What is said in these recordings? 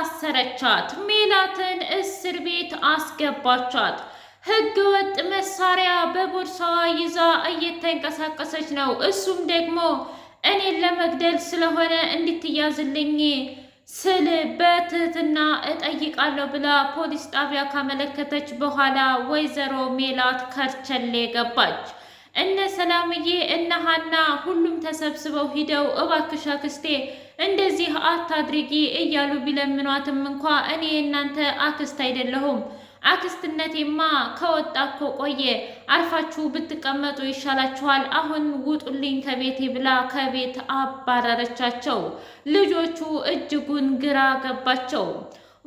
አሳሰረቻት። ሜላትን እስር ቤት አስገባቻት። ወጥ መሳሪያ በቦርሳዋ ይዛ እየተንቀሳቀሰች ነው። እሱም ደግሞ እኔን ለመግደል ስለሆነ እንድትያዝልኝ ስል በትህትና እጠይቃለሁ ብላ ፖሊስ ጣቢያ ካመለከተች በኋላ ወይዘሮ ሜላት ከርቸሌ ገባች። እነ ሰላምዬ እነ ሀና ሁሉም ተሰብስበው ሂደው እባክሽ አክስቴ እንደዚህ አታድርጊ እያሉ ቢለምኗትም እንኳ እኔ እናንተ አክስት አይደለሁም። አክስትነቴማ ከወጣ እኮ ቆየ። አርፋችሁ ብትቀመጡ ይሻላችኋል። አሁን ውጡልኝ ከቤቴ ብላ ከቤት አባረረቻቸው። ልጆቹ እጅጉን ግራ ገባቸው።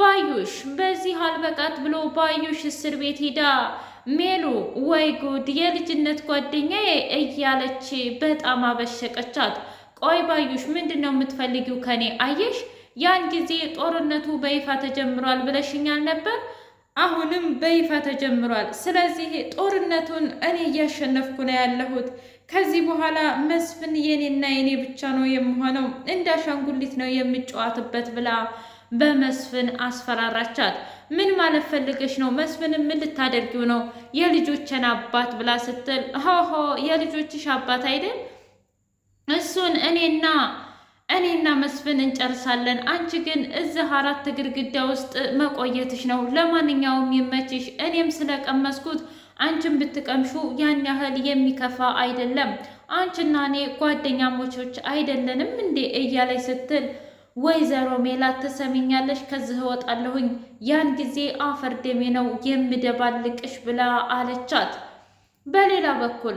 ባዩሽ በዚህ አልበቃት ብሎ ባዩሽ እስር ቤት ሂዳ ሜሉ ወይ ጉድ የልጅነት ጓደኛዬ እያለች በጣም አበሸቀቻት። ቆይ ባዩሽ ምንድን ነው የምትፈልጊው ከኔ? አየሽ ያን ጊዜ ጦርነቱ በይፋ ተጀምሯል ብለሽኛል ነበር። አሁንም በይፋ ተጀምሯል። ስለዚህ ጦርነቱን እኔ እያሸነፍኩ ነው ያለሁት። ከዚህ በኋላ መስፍን የኔና የኔ ብቻ ነው የምሆነው። እንደ አሻንጉሊት ነው የምጫወትበት ብላ በመስፍን አስፈራራቻት። ምን ማለት ፈልገሽ ነው? መስፍን ምን ልታደርጊው ነው? የልጆችን አባት ብላ ስትል ሆሆ የልጆችሽ አባት አይደል? እሱን እኔና እኔና መስፍን እንጨርሳለን። አንቺ ግን እዚህ አራት ግድግዳ ውስጥ መቆየትሽ ነው። ለማንኛውም ይመችሽ። እኔም ስለቀመስኩት አንቺን ብትቀምሹ ያን ያህል የሚከፋ አይደለም። አንቺና እኔ ጓደኛሞቾች አይደለንም እንዴ? እያለች ስትል ወይዘሮ ሜላት ትሰሚኛለሽ? ከዚህ እወጣለሁኝ፣ ያን ጊዜ አፈር ደሜ ነው የምደባልቅሽ ብላ አለቻት። በሌላ በኩል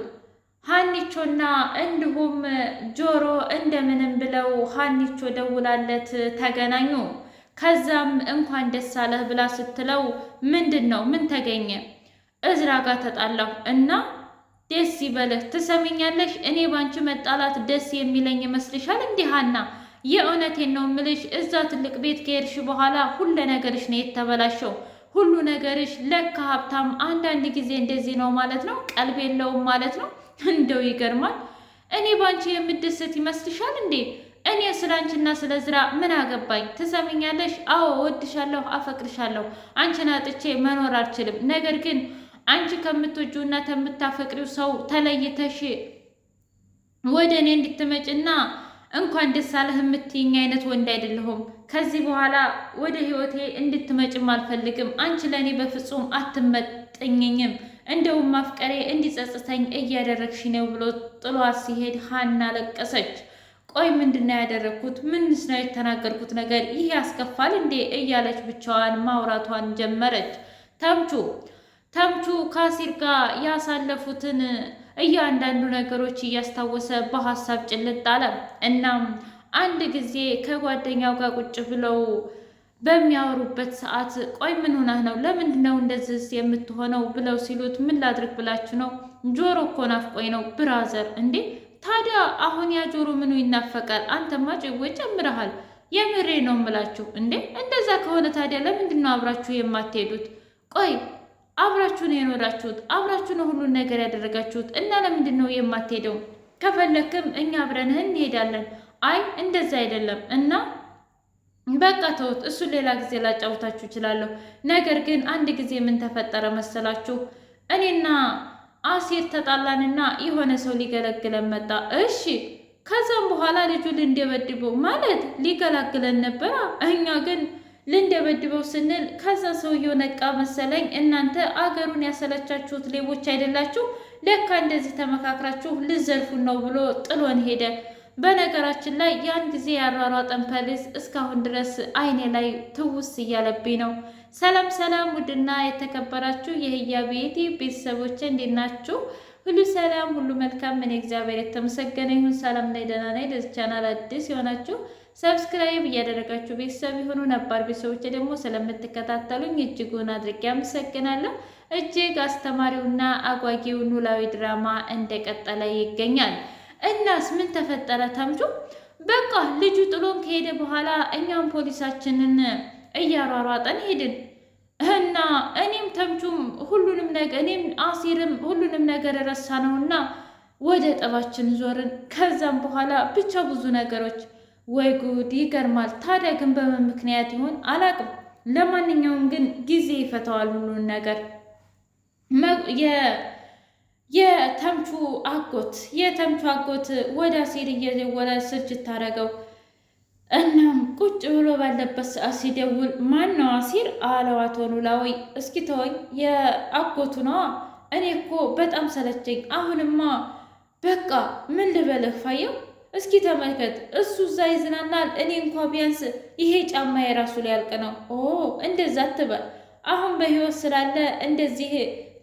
ሀኒቾና እንዲሁም ጆሮ እንደምንም ብለው ሀኒቾ ደውላለት ተገናኙ። ከዛም እንኳን ደስ አለህ ብላ ስትለው ምንድን ነው ምን ተገኘ? እዝራ ጋር ተጣላሁ እና ደስ ይበልህ። ትሰሚኛለሽ እኔ ባንቺ መጣላት ደስ የሚለኝ ይመስልሻል? እንዲህ ሀና የእውነቴን ነው ምልሽ እዛ ትልቅ ቤት ከሄድሽ በኋላ ሁለ ነገርሽ ነው የተበላሸው። ሁሉ ነገርሽ ለካ ሀብታም አንዳንድ ጊዜ እንደዚህ ነው ማለት ነው። ቀልብ የለውም ማለት ነው። እንደው ይገርማል። እኔ ባንቺ የምደሰት ይመስልሻል እንዴ? እኔ ስለ አንቺና ስለ ዝራ ምን አገባኝ? ትሰምኛለሽ? አዎ እወድሻለሁ፣ አፈቅርሻለሁ። አንቺን አጥቼ መኖር አልችልም። ነገር ግን አንቺ ከምትወጂው እና ከምታፈቅሪው ሰው ተለይተሽ ወደ እኔ እንድትመጭና እንኳን ደስ አለህ የምትይኝ አይነት ወንድ አይደለሁም። ከዚህ በኋላ ወደ ህይወቴ እንድትመጭም አልፈልግም። አንቺ ለእኔ በፍጹም አትመጠኝኝም። እንደውም ማፍቀሬ እንዲጸጽተኝ እያደረግሽ ነው ብሎ ጥሏት ሲሄድ ሀና ለቀሰች። ቆይ ምንድን ነው ያደረግኩት? ምንስ ነው የተናገርኩት ነገር ይህ ያስከፋል እንዴ? እያለች ብቻዋን ማውራቷን ጀመረች። ተምቹ ተምቹ ከአሲር ጋር ያሳለፉትን እያንዳንዱ ነገሮች እያስታወሰ በሀሳብ ጭልጥ አለ። እናም አንድ ጊዜ ከጓደኛው ጋር ቁጭ ብለው በሚያወሩበት ሰዓት ቆይ ምን ሆነህ ነው? ለምንድ ነው እንደዚህ የምትሆነው? ብለው ሲሉት ምን ላድርግ ብላችሁ ነው? ጆሮ እኮ ናፍቆኝ ነው ብራዘር። እንዴ ታዲያ አሁን ያ ጆሮ ምኑ ይናፈቃል? አንተማ ጭቦ ጨምረሃል። የምሬ ነው ምላችሁ። እንዴ እንደዛ ከሆነ ታዲያ ለምንድን ነው አብራችሁ የማትሄዱት? ቆይ አብራችሁን የኖራችሁት አብራችሁን ሁሉን ነገር ያደረጋችሁት እና ለምንድን ነው የማትሄደው? ከፈለክም እኛ አብረንህ እንሄዳለን። አይ እንደዛ አይደለም እና በቃ ተውት፣ እሱን ሌላ ጊዜ ላጫውታችሁ እችላለሁ። ነገር ግን አንድ ጊዜ ምን ተፈጠረ መሰላችሁ? እኔና አሲር ተጣላንና የሆነ ሰው ሊገለግለን መጣ። እሺ ከዛም በኋላ ልጁ ልንደበድበው ማለት ሊገላግለን ነበራ። እኛ ግን ልንደበድበው ስንል ከዛ ሰውየው ነቃ መሰለኝ። እናንተ አገሩን ያሰለቻችሁት ሌቦች አይደላችሁ፣ ለካ እንደዚህ ተመካክራችሁ ልዘርፉን ነው ብሎ ጥሎን ሄደ። በነገራችን ላይ ያን ጊዜ ያሯሯጠን ፖሊስ እስካሁን ድረስ አይኔ ላይ ትውስ እያለብኝ ነው። ሰላም ሰላም! ውድና የተከበራችሁ የህያ ቤቴ ቤተሰቦች እንዴት ናችሁ? ሁሉ ሰላም፣ ሁሉ መልካም። ምን እግዚአብሔር የተመሰገነ ይሁን። ሰላም ላይ ደህና ላይ ለዚህ ቻናል አዲስ የሆናችሁ ሰብስክራይብ እያደረጋችሁ ቤተሰብ የሆኑ ነባር ቤተሰቦች ደግሞ ስለምትከታተሉኝ እጅጉን አድርጌ አመሰግናለሁ። እጅግ አስተማሪውና አጓጊው ኖላዊ ድራማ እንደቀጠለ ይገኛል። እናስ ምን ተፈጠረ ተምቹ? በቃ ልጁ ጥሎን ከሄደ በኋላ እኛም ፖሊሳችንን እያሯሯጠን ሄድን እና እኔም ተምቹም ሁሉንም ነገር እኔም አሲርም ሁሉንም ነገር ረሳ ነውና ወደ ጠባችን ዞርን። ከዛም በኋላ ብቻ ብዙ ነገሮች ወይ ጉድ ይገርማል። ታዲያ ግን በምን ምክንያት ይሆን አላቅም። ለማንኛውም ግን ጊዜ ይፈተዋል ሁሉን ነገር። የተምቹ አጎት የተምቹ አጎት ወደ አሲር እየደወለ ስልችት ታደረገው። እናም ቁጭ ብሎ ባለበት ሰዓት ሲደውል ማን ነው አሲር አለው። አቶ ኖላዊ እስኪ ተወኝ፣ የአጎቱ ነዋ። እኔ እኮ በጣም ሰለቸኝ። አሁንማ በቃ ምን ልበልህ ፋየው እስኪ ተመልከት፣ እሱ እዛ ይዝናናል፣ እኔ እንኳ ቢያንስ ይሄ ጫማ የራሱ ሊያልቅ ነው። ኦ እንደዛ አትበል። አሁን በህይወት ስላለ እንደዚህ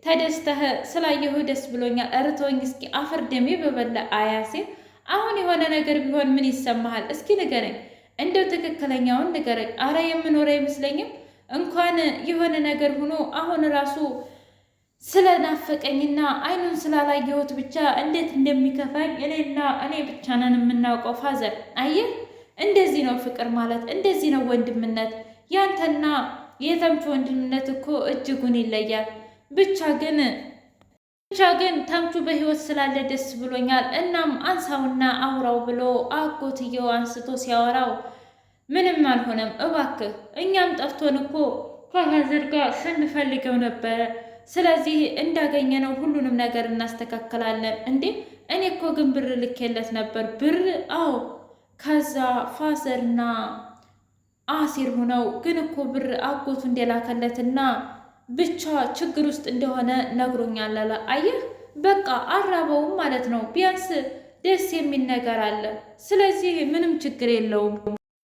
ተደስተህ ስላየሁ ደስ ብሎኛል። እርቶኝ እስኪ አፈር ደሜ በበላ አያሴ፣ አሁን የሆነ ነገር ቢሆን ምን ይሰማሃል? እስኪ ንገረኝ፣ እንደው ትክክለኛውን ንገረኝ። አረ የምኖረ አይመስለኝም። እንኳን የሆነ ነገር ሆኖ አሁን ራሱ ስለናፈቀኝና አይኑን ስላላየሁት ብቻ እንዴት እንደሚከፋኝ እኔና እኔ ብቻ ነን የምናውቀው። ፋዘር አየህ፣ እንደዚህ ነው ፍቅር ማለት፣ እንደዚህ ነው ወንድምነት። ያንተና የተምቹ ወንድምነት እኮ እጅጉን ይለያል። ብቻ ግን ብቻ ግን ተምቹ በህይወት ስላለ ደስ ብሎኛል። እናም አንሳውና አውራው ብሎ አጎትየው አንስቶ ሲያወራው ምንም አልሆነም። እባክህ እኛም ጠፍቶን እኮ ከሀዘር ጋር ስንፈልገው ነበረ ስለዚህ እንዳገኘ ነው ሁሉንም ነገር እናስተካከላለን። እንዴ እኔ እኮ ግን ብር ልኬለት ነበር። ብር? አዎ። ከዛ ፋዘርና አሲር ሆነው ግን እኮ ብር አጎቱ እንደላከለትና ብቻ ችግር ውስጥ እንደሆነ ነግሮኛል አለ። አየህ በቃ አራበውም ማለት ነው። ቢያንስ ደስ የሚል ነገር አለ። ስለዚህ ምንም ችግር የለውም፣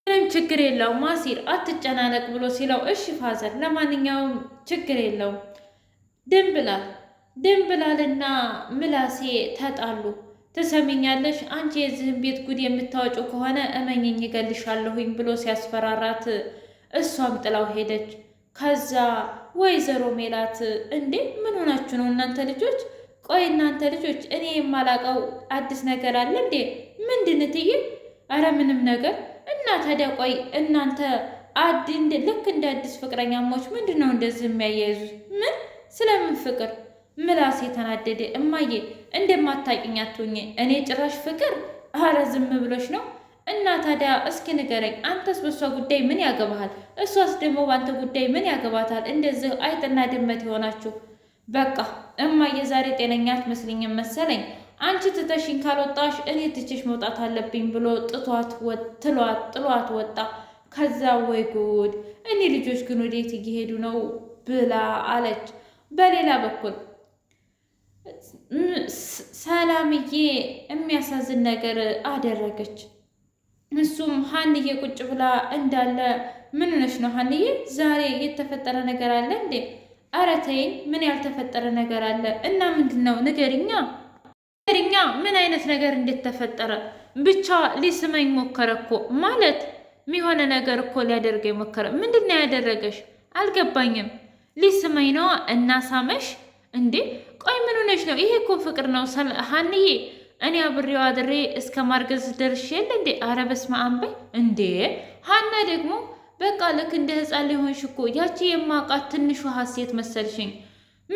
ምንም ችግር የለውም አሲር አትጨናነቅ ብሎ ሲለው እሺ ፋዘር፣ ለማንኛውም ችግር የለውም ድንብላል ድንብላልና ምላሴ ተጣሉ። ትሰሚኛለሽ አንቺ የዚህን ቤት ጉድ የምታወጩ ከሆነ እመኝኝ ይገልሻለሁኝ ብሎ ሲያስፈራራት እሷም ጥላው ሄደች። ከዛ ወይዘሮ ሜላት እንዴ ምን ሆናችሁ ነው እናንተ ልጆች? ቆይ እናንተ ልጆች እኔ የማላቀው አዲስ ነገር አለ እንዴ? ምንድን ትይ? አረ ምንም ነገር እና ታዲያ ቆይ እናንተ አድ ልክ እንደ አዲስ ፍቅረኛሞች ምንድን ነው እንደዚህ የሚያያይዙት? ምን ስለምን ፍቅር? ምላሴ ተናደደ። እማዬ እንደማታውቂኝ አትሁኝ። እኔ ጭራሽ ፍቅር? አረ ዝም ብሎሽ ነው እና ታዲያ እስኪ ንገረኝ፣ አንተስ በእሷ ጉዳይ ምን ያገባሃል? እሷስ ደግሞ በአንተ ጉዳይ ምን ያገባታል? እንደዚህ አይጥና ድመት የሆናችሁ። በቃ እማዬ ዛሬ ጤነኛ አትመስልኝም መሰለኝ። አንቺ ትተሽኝ ካልወጣሽ እኔ ትችሽ መውጣት አለብኝ ብሎ ጥቷት ትሏት ጥሏት ወጣ። ከዛ ወይ ጉድ፣ እኔ ልጆች ግን ወዴት እየሄዱ ነው ብላ አለች። በሌላ በኩል ሰላምዬ የሚያሳዝን ነገር አደረገች። እሱም ሀንዬ ቁጭ ብላ እንዳለ ምን ሆነሽ ነው ሀንዬ? ዛሬ የተፈጠረ ነገር አለ እንዴ? ኧረ ተይኝ፣ ምን ያልተፈጠረ ነገር አለ? እና ምንድን ነው ንገሪኛ፣ ምን አይነት ነገር እንዴት ተፈጠረ? ብቻ ሊስመኝ ሞከረ እኮ ማለት የሆነ ነገር እኮ ሊያደርገኝ ሞከረ። ምንድን ነው ያደረገሽ? አልገባኝም ሊስመኝ እናሳመሽ እንዴ? ቆይ ምን ሆነሽ ነው? ይሄ እኮ ፍቅር ነው ሀንዬ። እኔ አብሬው አድሬ እስከ ማርገዝ ደርሼል እንዴ? አረ በስመ አብ በይ እንዴ! ሀና ደግሞ በቃ ልክ እንደ ህፃን ሊሆንሽ እኮ ያቺ የማውቃት ትንሹ ሀሴት መሰልሽኝ።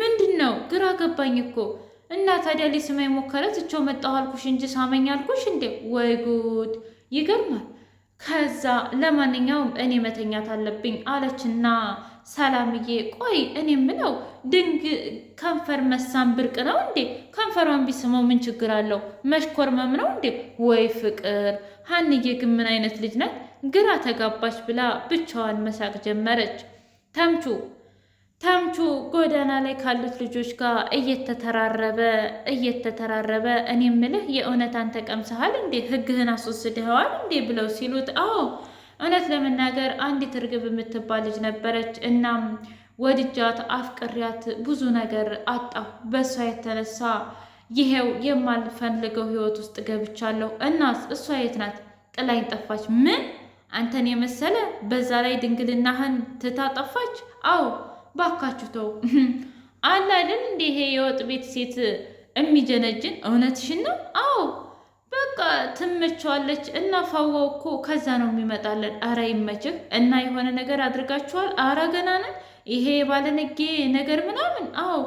ምንድን ነው ግራ ገባኝ እኮ እና ታዲያ ሊስመኝ ሞከረ። ትቼው መጣሁ አልኩሽ እንጂ ሳመኝ አልኩሽ እንዴ? ወይ ጉድ! ይገርማል። ከዛ ለማንኛውም እኔ መተኛት አለብኝ አለችና ሰላምዬ፣ ቆይ እኔ የምለው ድንግ ከንፈር መሳም ብርቅ ነው እንዴ? ከንፈሯን ቢስመው ምን ችግር አለው? መሽኮርመም ነው እንዴ? ወይ ፍቅር! ሀንዬ ግን ምን አይነት ልጅ ናት? ግራ ተጋባች ብላ ብቻዋን መሳቅ ጀመረች። ተምቹ ተምቹ ጎዳና ላይ ካሉት ልጆች ጋር እየተተራረበ እየተተራረበ እኔ ምልህ የእውነት አንተ ቀምሰሃል እንዴ? ህግህን አስወስድኸዋል እንዴ? ብለው ሲሉት አዎ እውነት ለመናገር አንዲት እርግብ የምትባል ልጅ ነበረች። እናም ወድጃት አፍቅሪያት ብዙ ነገር አጣሁ። በእሷ የተነሳ ይሄው የማልፈልገው ህይወት ውስጥ ገብቻለሁ። እናስ እሷ የት ናት? ጥላኝ ጠፋች። ምን አንተን የመሰለ በዛ ላይ ድንግልናህን ትታ ጠፋች። አዎ ባካችሁ ተው። አላልን እንደ ይሄ የወጥ ቤት ሴት የሚጀነጅን እውነትሽን ነው? አዎ በቃ ትመቸዋለች። እና ፋዋው እኮ ከዛ ነው የሚመጣለን። አረ ይመችህ። እና የሆነ ነገር አድርጋችኋል? አረ ገና ነን። ይሄ የባለነጌ ነገር ምናምን? አዎ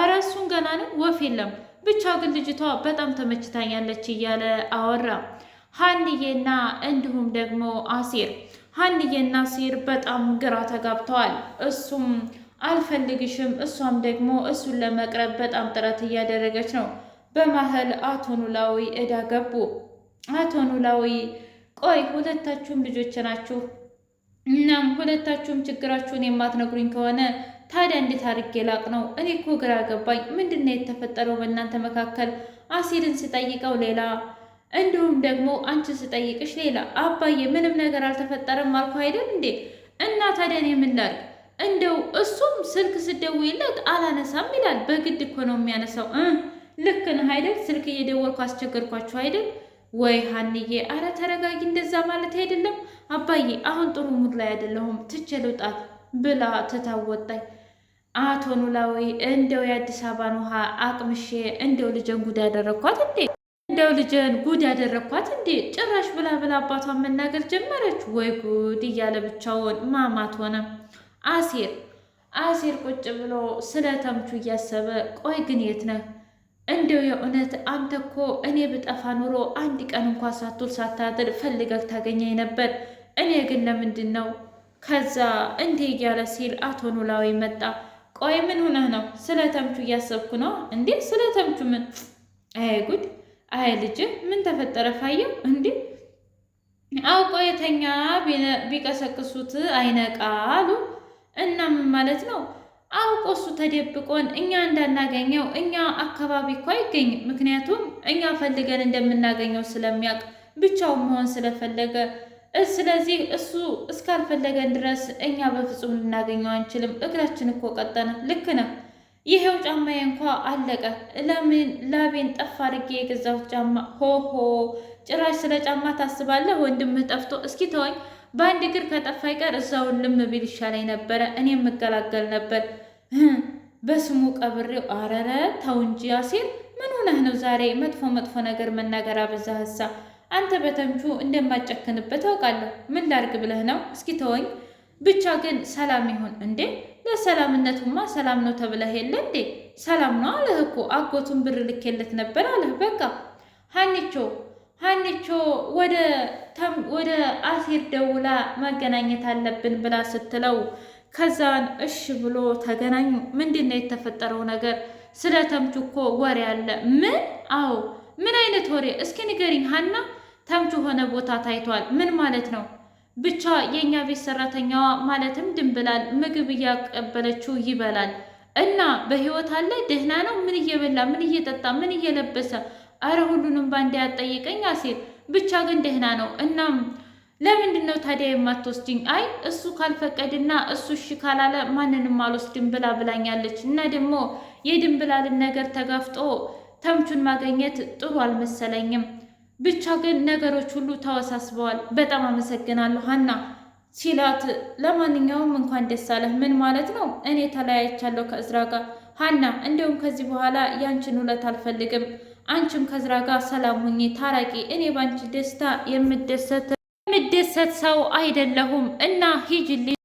አረ እሱን ገና ነን። ወፍ የለም። ብቻ ግን ልጅቷ በጣም ተመችታኛለች እያለ አወራ ሀንዬና እንዲሁም ደግሞ አሴር ሀንዬና ሲር በጣም ግራ ተጋብተዋል። እሱም አልፈልግሽም፣ እሷም ደግሞ እሱን ለመቅረብ በጣም ጥረት እያደረገች ነው። በመሀል አቶ ኖላዊ እዳ ገቡ። አቶ ኖላዊ ቆይ ሁለታችሁም ልጆች ናችሁ። እናም ሁለታችሁም ችግራችሁን የማትነግሩኝ ከሆነ ታዲያ እንዴት አድርጌ ላቅ ነው? እኔ እኮ ግራ ገባኝ። ምንድን ነው የተፈጠረው በእናንተ መካከል? አሲድን ስጠይቀው ሌላ እንዲሁም ደግሞ አንቺ ስጠይቅሽ ሌላ አባዬ ምንም ነገር አልተፈጠረም አልኩ አይደል እንዴ? እና ታዲያ እኔ ምን ላድርግ? እንደው እሱም ስልክ ስደውይለት አላነሳም ይላል። በግድ እኮ ነው የሚያነሳው። ልክ ነህ አይደል? ስልክ እየደወልኩ አስቸገርኳችሁ አይደል? ወይ ሀንዬ፣ አረ ተረጋጊ። እንደዛ ማለት አይደለም አባዬ፣ አሁን ጥሩ ሙድ ላይ አይደለሁም ትቼ ልውጣት ብላ ትታወጣኝ። አቶ ኖላዊ፣ እንደው የአዲስ አበባን ውሃ አቅምሼ እንደው ልጀን ጉድ ያደረግኳት እንዴ? እንደው ልጅን ጉድ ያደረግኳት እንዴ ጭራሽ ብላ ብላ አባቷን መናገር ጀመረች። ወይ ጉድ እያለ ብቻውን ማማት ሆነ። አሴር አሴር ቁጭ ብሎ ስለ ተምቹ እያሰበ ቆይ ግን የት ነህ? እንደው የእውነት አንተ እኮ እኔ ብጠፋ ኑሮ አንድ ቀን እንኳ ሳትውል ሳታድር ፈልገህ ታገኘኝ ነበር። እኔ ግን ለምንድን ነው ከዛ እንዴ እያለ ሲል አቶ ኖላዊ መጣ። ቆይ ምን ሆነህ ነው? ስለ ተምቹ እያሰብኩ ነው እንዴ? ስለ ተምቹ ምን ጉድ አይ ልጅ ምን ተፈጠረ? ፋየው እንዴ አውቆ የተኛ ቢቀሰቅሱት አይነቃ አሉ። እና ምን ማለት ነው? አውቆ እሱ ተደብቆን እኛ እንዳናገኘው እኛ አካባቢ እኮ አይገኝም። ምክንያቱም እኛ ፈልገን እንደምናገኘው ስለሚያውቅ ብቻው መሆን ስለፈለገ ስለዚህ እሱ እስካልፈለገን ድረስ እኛ በፍጹም ልናገኘው አንችልም። እግራችን እኮ ቀጠነ። ልክ ነው። ይሄው ጫማ እንኳ አለቀ። ለምን ላቤን ጠፍ አድርጌ የገዛሁት ጫማ። ሆሆ ጭራሽ ስለ ጫማ ታስባለህ? ወንድምህ ጠፍቶ እስኪ ተወኝ። በአንድ እግር ከጠፋ ይቀር እዛውን ልም ቢል ይሻለኝ ነበረ። እኔ የምገላገል ነበር። በስሙ ቀብሬው። አረረ ተው እንጂ ያሴር፣ ምን ሆነህ ነው ዛሬ መጥፎ መጥፎ ነገር መናገር አበዛህ። እሳ አንተ በተምቹ እንደማጨክንበት አውቃለሁ። ምን ላርግ ብለህ ነው? እስኪ ተወኝ ብቻ ግን ሰላም ይሁን እንዴ ለሰላምነቱማ ሰላም ነው ተብለህ የለ እንዴ? ሰላም ነው አለህ እኮ አጎቱን ብር ልኬለት ነበር አለህ። በቃ ሀኒቾ ሀኒቾ ወደ አሴር ደውላ መገናኘት አለብን ብላ ስትለው ከዛን እሽ ብሎ ተገናኙ። ምንድን ነው የተፈጠረው ነገር? ስለ ተምቹ እኮ ወሬ አለ። ምን? አዎ ምን አይነት ወሬ? እስኪ ንገሪኝ ሀና። ተምቹ ሆነ ቦታ ታይቷል። ምን ማለት ነው? ብቻ የእኛ ቤት ሰራተኛዋ ማለትም ድንብላል ምግብ እያቀበለችው ይበላል እና በህይወት አለ ደህና ነው? ምን እየበላ ምን እየጠጣ ምን እየለበሰ? አረ ሁሉንም ባንዴ ያጠይቀኝ አሴር። ብቻ ግን ደህና ነው። እናም ለምንድን ነው ታዲያ የማትወስድኝ? አይ እሱ ካልፈቀድና እሱ እሺ ካላለ ማንንም አልወስድም ብላ ብላኛለች። እና ደግሞ የድንብላልን ነገር ተጋፍጦ ተምቹን ማገኘት ጥሩ አልመሰለኝም። ብቻ ግን ነገሮች ሁሉ ተወሳስበዋል። በጣም አመሰግናለሁ ሀና ሲላት፣ ለማንኛውም እንኳን ደስ አለህ። ምን ማለት ነው? እኔ ተለያይቻለሁ ከእዝራ ጋር ሀና። እንዲሁም ከዚህ በኋላ ያንችን ውለት አልፈልግም። አንቺም ከእዝራ ጋር ሰላም ሁኚ፣ ታራቂ። እኔ በአንቺ ደስታ የምደሰት ሰው አይደለሁም እና ሂጅልኝ